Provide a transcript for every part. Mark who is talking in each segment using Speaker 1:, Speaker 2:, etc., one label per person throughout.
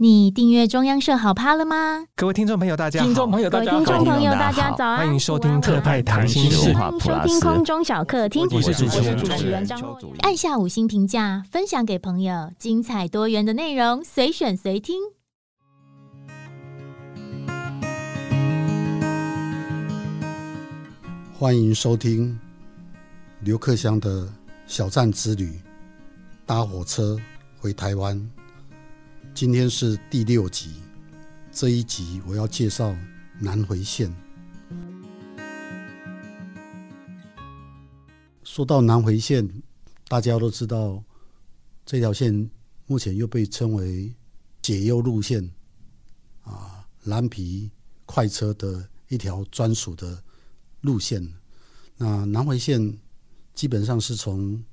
Speaker 1: 你訂閱中央社好 POD 了嗎？各位聽眾朋友，大家好！聽眾朋友，大家好！聽眾朋友，大家早安！歡迎收聽特派談心事，歡迎收聽空中小客廳。我是主持人張若瑤。按下五星評價，分享給朋友。精彩多元的內容，隨選隨聽。歡迎收聽劉克襄的小站之旅，搭火車回台灣。今天是第六集，這一集我要介紹南迴線。說到南迴線，大家都知道，這條線目前又被稱為解憂路線啊，藍皮快車的一條專屬的路線。那南迴線基本上是從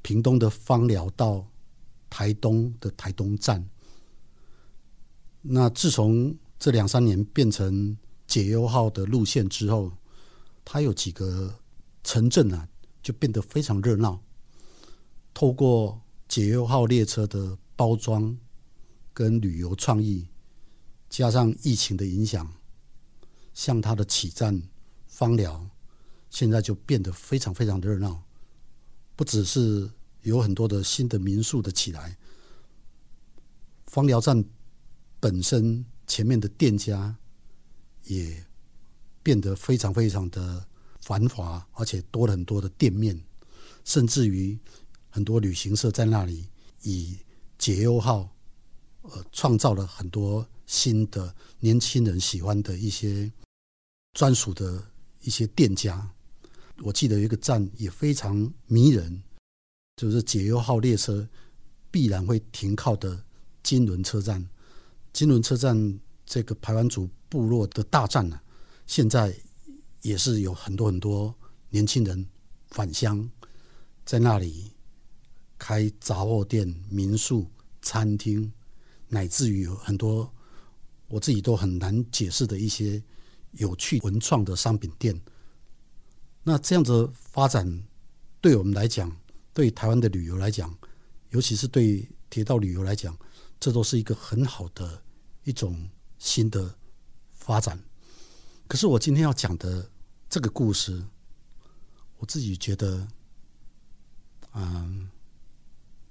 Speaker 1: 屏東的枋寮到台東的台東站。那自從這兩三年變成解憂號的路線之後，它有幾個城鎮啊，就變得非常熱鬧。透過解憂號列車的包裝跟旅遊創意，加上疫情的影響，像它的起站枋寮，現在就變得非常非常的熱鬧。不只是有很多的新的民宿的起來，枋寮站。本身前面的店家也變得非常非常的繁華，而且多了很多的店面，甚至於很多旅行社在那裡以解憂號，呃，創造了很多新的年輕人喜歡的一些專屬的一些店家。我記得有一個站也非常迷人，就是解憂號列車必然會停靠的金崙車站。金崙車站這個排灣族部落的大站呢、啊，現在也是有很多很多年輕人返鄉，在那裡開雜貨店、民宿、餐廳，乃至於很多我自己都很難解釋的一些有趣文創的商品店。那這樣子發展，對我們來講，對台灣的旅遊來講，尤其是對鐵道旅遊來講，這都是一個很好的。一種新的發展，可是我今天要講的這個故事，我自己覺得，嗯，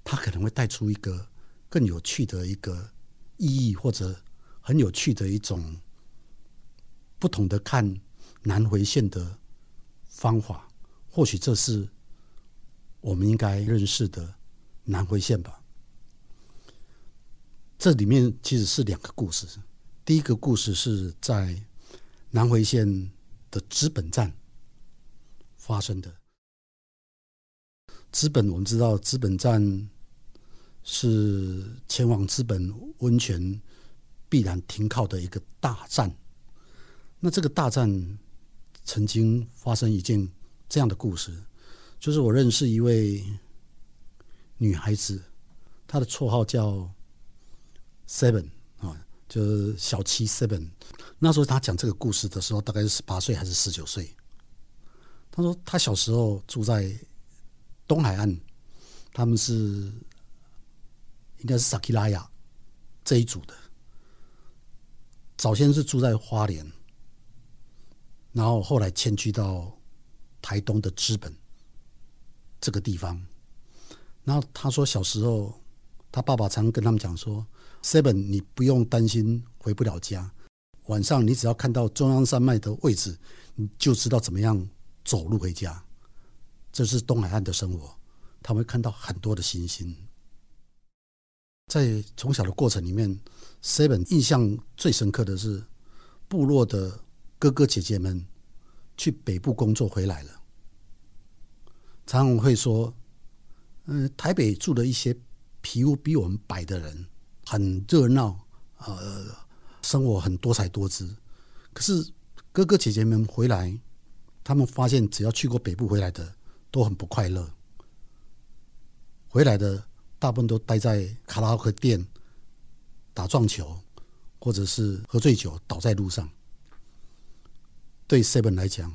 Speaker 1: 它可能會帶出一個更有趣的一個意義，或者很有趣的一種不同的看南迴線的方法，或許這是我們應該認識的南迴線吧。這裡面其實是兩個故事。第一個故事是在南迴線的知本站發生的。知本，我們知道，知本站是前往知本溫泉必然停靠的一個大站。那這個大站曾經發生一件這樣的故事，就是我認識一位女孩子，她的綽號叫，Seven 啊，就是小七 Seven。那時候他講這個故事的時候，大概是十八歲還是十九歲。他說他小時候住在東海岸，他們是應該是撒奇萊雅這一組的。早先是住在花蓮，然後後來遷居到台東的知本這個地方。然後他說小時候他爸爸常常跟他們講說。Seven，你不用擔心回不了家。晚上你只要看到中央山脈的位置，你就知道怎麼樣走路回家。這是東海岸的生活。他會看到很多的星星。在從小的過程裡面，Seven 印象最深刻的是部落的哥哥姐姐們去北部工作回來了，常常會說：“嗯、呃，台北住的一些皮膚比我們白的人。”很熱鬧，呃，生活很多彩多姿。可是哥哥姐姐們回來，他們發現只要去過北部回來的都很不快樂。回來的大部分都待在卡拉 OK 店打撞球，或者是喝醉酒倒在路上。對 Seven 來講，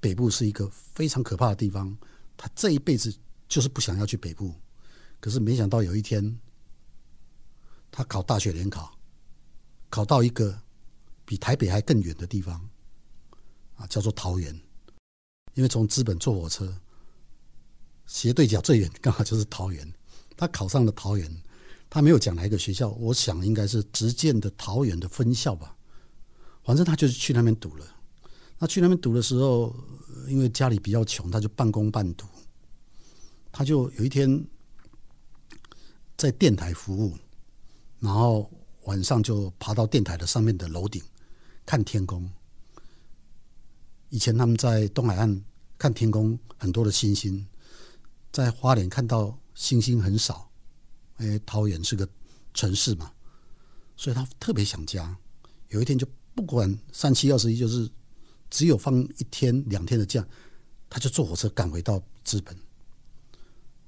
Speaker 1: 北部是一個非常可怕的地方。他這一輩子就是不想要去北部。可是沒想到有一天，他考大學聯考，考到一個比台北還更遠的地方啊，叫做桃園。因為從知本坐火車斜對角最遠，剛好就是桃園。他考上了桃園，他沒有講哪一個學校，我想應該是直建的桃園的分校吧。反正他就是去那邊讀了。那去那邊讀的時候，因為家裡比較窮，他就半工半讀。他就有一天在電台服務。然後晚上就爬到電台的上面的樓頂看天空。以前他們在東海岸看天空很多的星星，在花蓮看到星星很少，因為桃園是個城市嘛，所以他特別想家。有一天就不管三七二十一，就是只有放一天兩天的假，他就坐火車趕回到知本。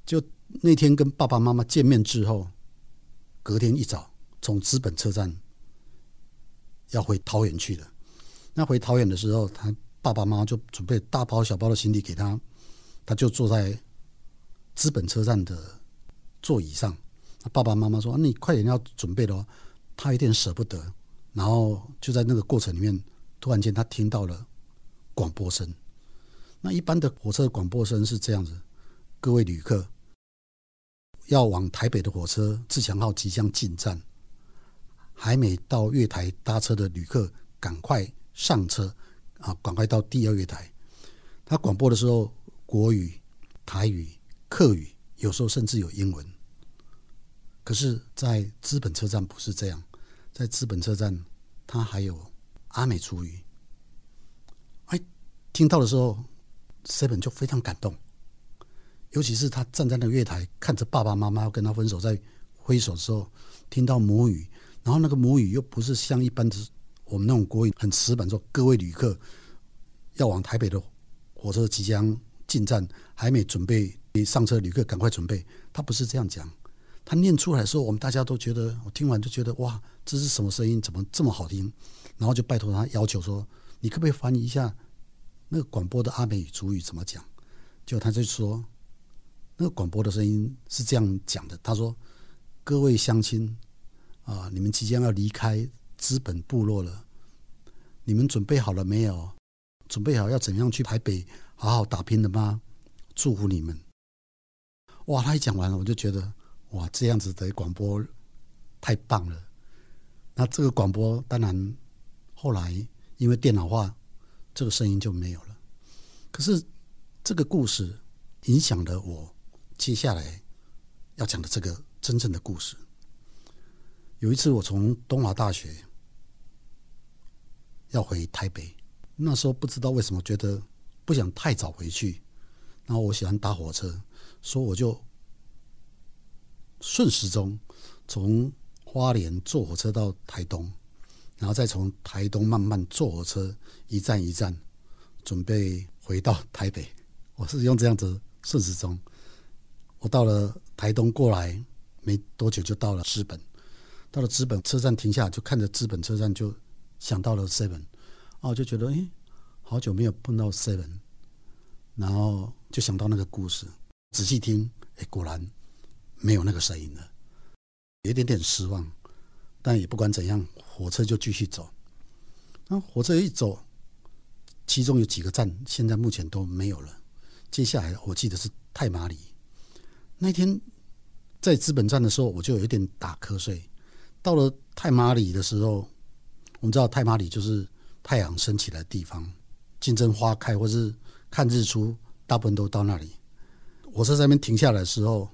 Speaker 1: 就那天跟爸爸媽媽見面之後。隔天一早，從知本車站要回桃園去了。那回桃園的時候，他爸爸媽媽就準備大包小包的行李給他。他就坐在知本車站的座椅上，他爸爸媽媽說：“你快點要準備的話”，他有點捨不得。然後就在那個過程裡面，突然間他聽到了廣播聲。那一般的火車的廣播聲是這樣子：各位旅客。要往台北的火車“自強號”即將進站，還沒到月台搭車的旅客趕快上車啊！趕快到第二月台。他廣播的時候，國語、台語、客語，有時候甚至有英文。可是，在知本車站不是這樣，在知本車站，他還有阿美族語。哎、欸，聽到的時候，小七就非常感動。尤其是他站在那個月台，看着爸爸媽媽跟他分手，在揮手的時候，聽到母語，然後那個母語又不是像一般的我們那種國語很死板，說各位旅客要往台北的火車即將進站，還沒準備沒上車旅客趕快準備。他不是這樣講，他念出來的時候，我們大家都覺得，我聽完就覺得哇，這是什麼聲音？怎麼這麼好聽？然後就拜託他要求說，你可不可以翻譯一下那個廣播的阿美族語怎麼講？就他就說。那個廣播的聲音是這樣講的：“他說，各位鄉親啊，你們即將要離開知本部落了，你們準備好了沒有？準備好要怎樣去台北好好打拼了嗎？祝福你們！哇！”他一講完了，我就覺得哇，這樣子的廣播太棒了。那這個廣播當然後來因為電腦化，這個聲音就沒有了。可是這個故事影響了我。接下來要講的這個真正的故事，有一次我從東華大學要回台北，那時候不知道為什麼覺得不想太早回去，然後我喜歡搭火車，所以我就順時鐘從花蓮坐火車到台東，然後再從台東慢慢坐火車一站一站準備回到台北。我是用這樣子順時鐘。我到了台東，過來沒多久就到了知本。到了知本車站停下，就看着知本車站，就想到了 seven。哦，就覺得哎、欸，好久沒有碰到 seven，然後就想到那個故事。仔細聽，哎、欸，果然沒有那個聲音了，有一點點失望。但也不管怎樣，火車就繼續走。那火車一走，其中有幾個站現在目前都沒有了。接下來我記得是太麻里。那天在知本站的時候，我就有一點打瞌睡。到了太麻里的時候，我們知道太麻里就是太陽升起來的地方，金針花開或是看日出，大部分都到那裡。火車在那邊停下來的時候，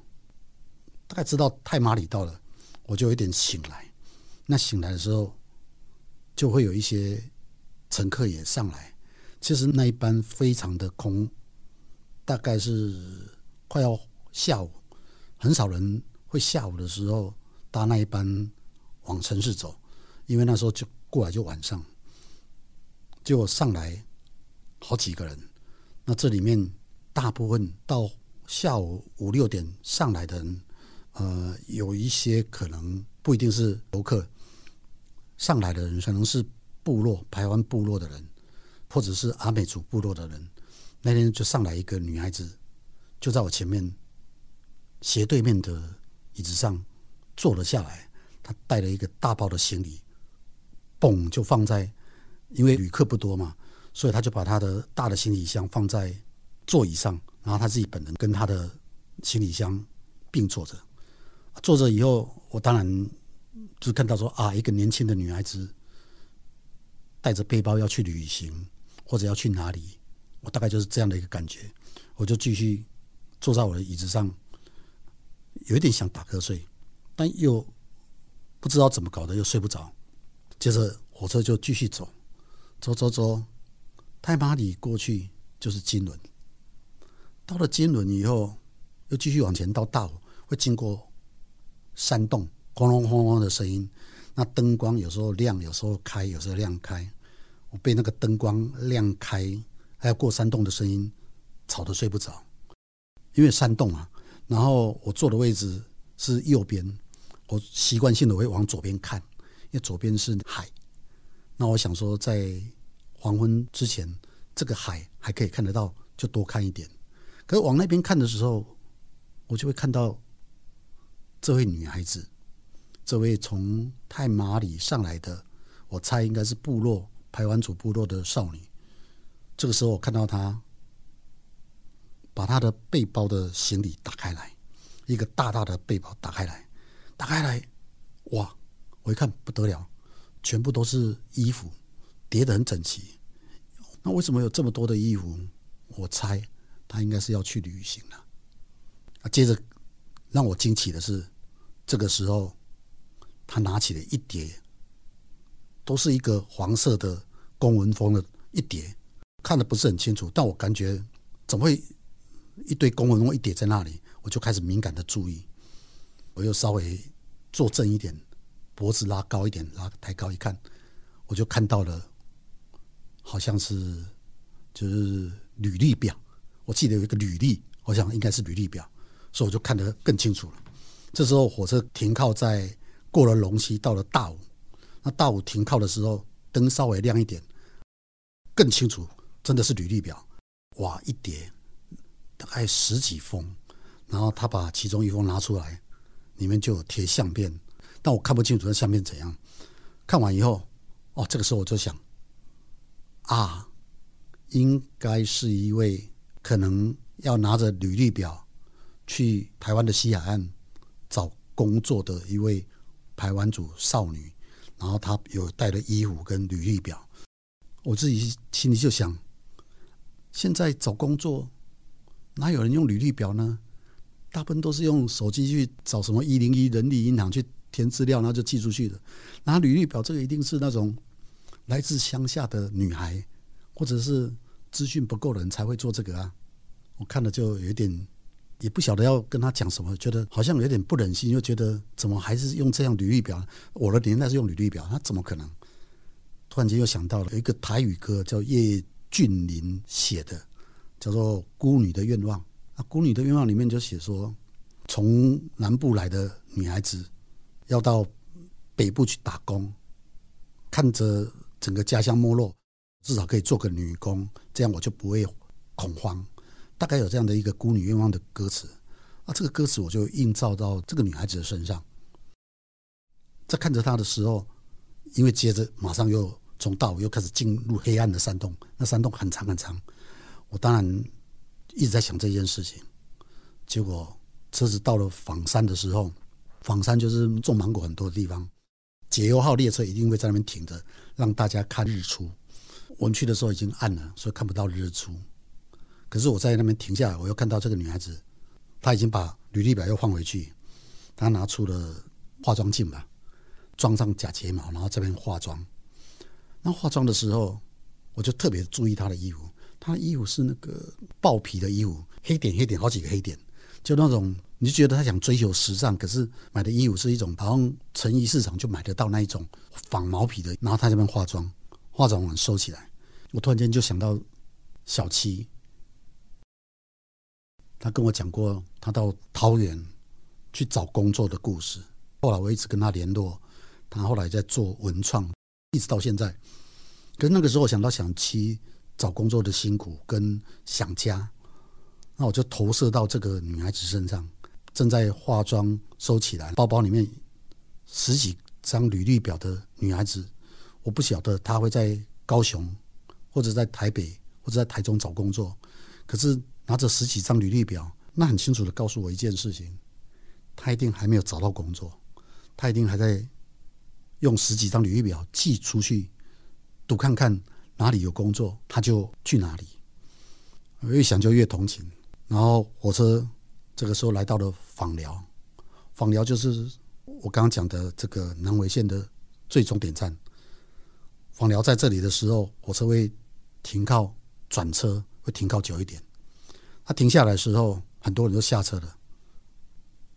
Speaker 1: 大概知道太麻里到了，我就有一點醒來。那醒來的時候，就會有一些乘客也上來。其實那一班非常的空，大概是快要。下午很少人會下午的時候搭那一班往城市走，因為那時候就過來就晚上，就上來好幾個人。那這裡面大部分到下午五六點上來的人，呃，有一些可能不一定是遊客上來的人，可能是部落排灣部落的人，或者是阿美族部落的人。那天就上來一個女孩子，就在我前面。斜對面的椅子上坐了下來。他帶了一個大包的行李，嘣就放在，因為旅客不多嘛，所以他就把他的大的行李箱放在座椅上，然後他自己本人跟他的行李箱並坐着。坐着以後，我當然就看到說啊，一個年輕的女孩子帶着背包要去旅行，或者要去哪裡。我大概就是這樣的一個感覺。我就繼續坐在我的椅子上。有一點想打瞌睡，但又不知道怎麼搞的，又睡不着。接着火車就繼續走，走走走，太麻里過去就是金崙。到了金崙以後，又繼續往前到大武，會經過山洞，哐隆哐隆的聲音。那燈光有時候亮，有時候開，有時候亮開。我被那個燈光亮開，還有過山洞的聲音吵得睡不着，因為山洞啊。然後我坐的位置是右邊，我習慣性的會往左邊看，因為左邊是海。那我想說，在黃昏之前，這個海還可以看得到，就多看一點。可是往那邊看的時候，我就會看到這位女孩子，這位從太麻里上來的，我猜應該是部落排灣族部落的少女。這個時候我看到她，把他的背包的行李打開來，一個大大的背包打開來，打開來，哇！我一看不得了，全部都是衣服，疊得很整齊。那為什麼有這麼多的衣服？我猜他應該是要去旅行了。啊，接着讓我驚奇的是，這個時候他拿起了一疊，都是一個黃色的公文封的一疊，看得不是很清楚，但我感覺怎麼會？一堆公文我一疊在那裡，我就開始敏感的注意，我又稍微坐正一點，脖子拉高一點，拉抬高一看，我就看到了，好像是就是履歷表，我記得有一個履歷，我想應該是履歷表，所以我就看得更清楚了。這時候火車停靠在過了金崙，到了大武，那大武停靠的時候燈稍微亮一點，更清楚，真的是履歷表，哇一疊。大概十幾封，然後他把其中一封拿出來，裡面就有貼相片，但我看不清楚那相片怎樣。看完以後，哦，這個時候我就想，啊，應該是一位可能要拿着履歷表去台灣的西海岸找工作的一位排灣族少女，然後她有帶了衣服跟履歷表。我自己心裡就想，現在找工作，哪有人用履歷表呢？大部分都是用手機去找什麼一零一人力銀行，去填資料，然後就寄出去的。那履歷表這個一定是那種來自鄉下的女孩，或者是資訊不夠的人才會做這個啊。我看了就有點，也不曉得要跟他講什麼，覺得好像有點不忍心，又覺得怎麼還是用這樣履歷表？我的年代是用履歷表，那怎麼可能？突然間又想到了一個台語歌叫葉俊麟寫的。叫做《孤女的願望》啊，《孤女的願望》裡面就寫說，從南部來的女孩子，要到北部去打工，看着整個家鄉沒落，至少可以做個女工，這樣我就不會恐慌。大概有這樣的一個孤女願望的歌詞啊，這個歌詞我就映照到這個女孩子的身上，在看着她的時候，因為接着馬上又從大武又開始進入黑暗的山洞，那山洞很長很長。我當然一直在想這件事情，結果車子到了枋山的時候，枋山就是種芒果很多的地方，解憂號列車一定會在那邊停着，讓大家看日出。我們去的時候已經暗了，所以看不到日出。可是我在那邊停下來，我又看到這個女孩子，她已經把履歷表又放回去，她拿出了化妝鏡吧，裝上假睫毛，然後在那邊化妝。那化妝的時候，我就特別注意她的衣服。他的衣服是那個豹皮的衣服，黑點黑點好幾個黑點，就那種，你就覺得他想追求時尚，可是買的衣服是一種好像成衣市場就買得到那一種仿毛皮的。然後他在那邊化妝，化妝完收起來，我突然間就想到小七，他跟我講過他到桃園去找工作的故事。後來我一直跟他聯絡，他後來在做文創，一直到現在。可是那個時候我想到小七。找工作的辛苦跟想家，那我就投射到這個女孩子身上，正在化妝收起來包包裡面十幾張履歷表的女孩子，我不曉得她會在高雄，或者在台北，或者在台中找工作，可是拿着十幾張履歷表，那很清楚的告訴我一件事情，她一定還沒有找到工作，她一定還在用十幾張履歷表寄出去，賭看看。哪裡有工作，他就去哪裡。我越想就越同情。然後火車這個時候來到了枋寮，枋寮就是我剛剛講的這個南迴線的最終點站。枋寮在這裡的時候，火車會停靠，轉車會停靠久一點。他停下來的時候，很多人都下車了。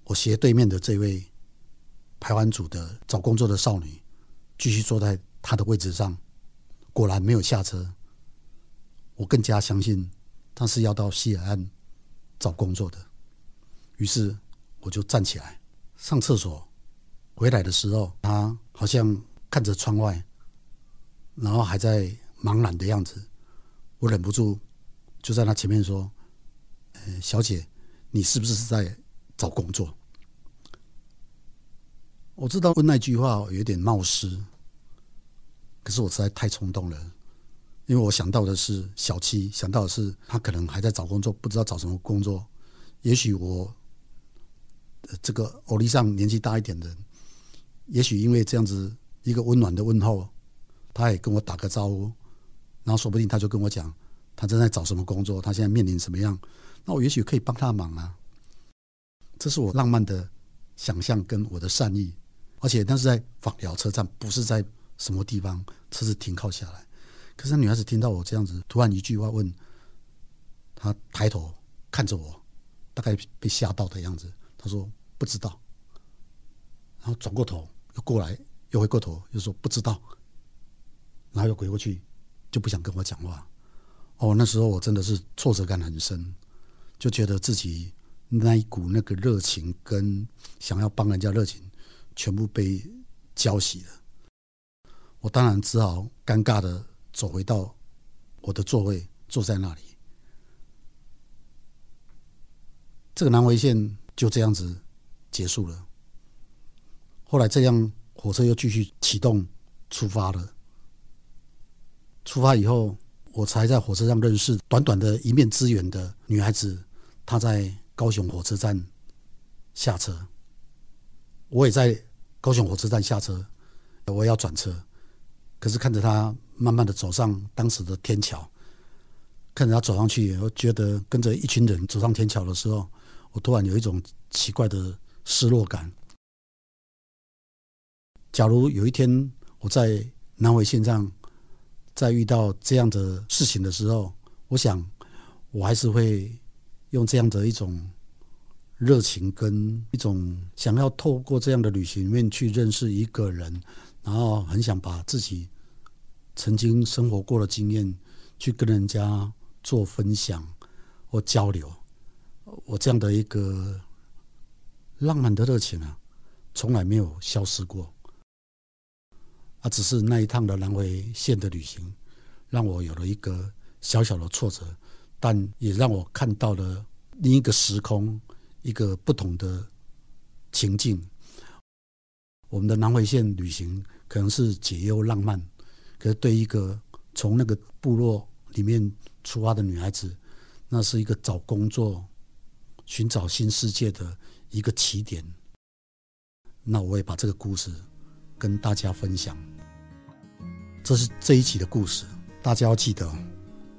Speaker 1: 我斜對面的這位排灣族的找工作的少女，繼續坐在她的位置上。果然沒有下車，我更加相信他是要到西海岸找工作的。於是我就站起來上廁所，回來的時候，他好像看着窗外，然後還在茫然的樣子。我忍不住就在他前面說：“哎，小姐，你是不是在找工作？”我知道問那句話有點冒失。可是我實在太衝動了，因為我想到的是小七，想到的是他可能還在找工作，不知道找什麼工作。也許我，呃、這個歐里桑年紀大一點的，也許因為這樣子一個溫暖的問候，他也跟我打個招呼，然後說不定他就跟我講，他正在找什麼工作，他現在面臨什麼樣，那我也許可以幫他忙啊。這是我浪漫的想象跟我的善意，而且那是在枋寮車站，不是在。什麼地方車子停靠下來？可是那女孩子聽到我這樣子，突然一句話問，她抬頭看着我，大概被嚇到的樣子。她說不知道，然後轉過頭又過來，又回過頭又說不知道，然後又回過去，就不想跟我講話。哦，那時候我真的是挫折感很深，就覺得自己那一股那個熱情跟想要幫人家熱情，全部被澆熄了。我當然只好尷尬的走回到我的座位，坐在那裡。這個南迴線就這樣子結束了。後來這輛火車又繼續啟動，出發了。出發以後，我才在火車上認識短短的一面之緣的女孩子，她在高雄火車站下車，我也在高雄火車站下車，我也要轉車。可是看着他慢慢的走上當時的天橋，看着他走上去，然後覺得跟着一群人走上天橋的時候，我突然有一種奇怪的失落感。假如有一天我在南回線上，在遇到這樣的事情的時候，我想我還是會用這樣的一種熱情跟一種想要透過這樣的旅行裡面去認識一個人，然後很想把自己。曾經生活過的經驗，去跟人家做分享或交流，我這樣的一個浪漫的熱情啊，從來沒有消失過。啊，只是那一趟的南迴線的旅行，讓我有了一個小小的挫折，但也讓我看到了另一個時空，一個不同的情境。我們的南迴線旅行可能是解憂浪漫。可是，對一個從那個部落裡面出發的女孩子，那是一個找工作、尋找新世界的一個起點。那我也把這個故事跟大家分享。這是這一集的故事，大家要記得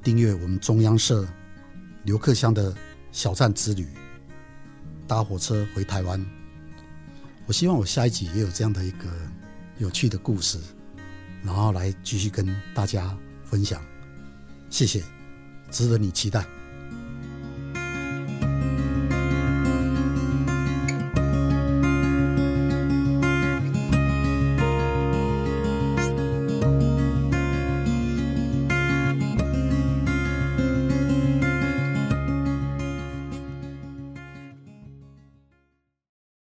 Speaker 1: 訂閱我們中央社劉克襄的小站之旅，搭火車回台灣。我希望我下一集也有這樣的一個有趣的故事。然後來繼續跟大家分享，謝謝，值得你期待。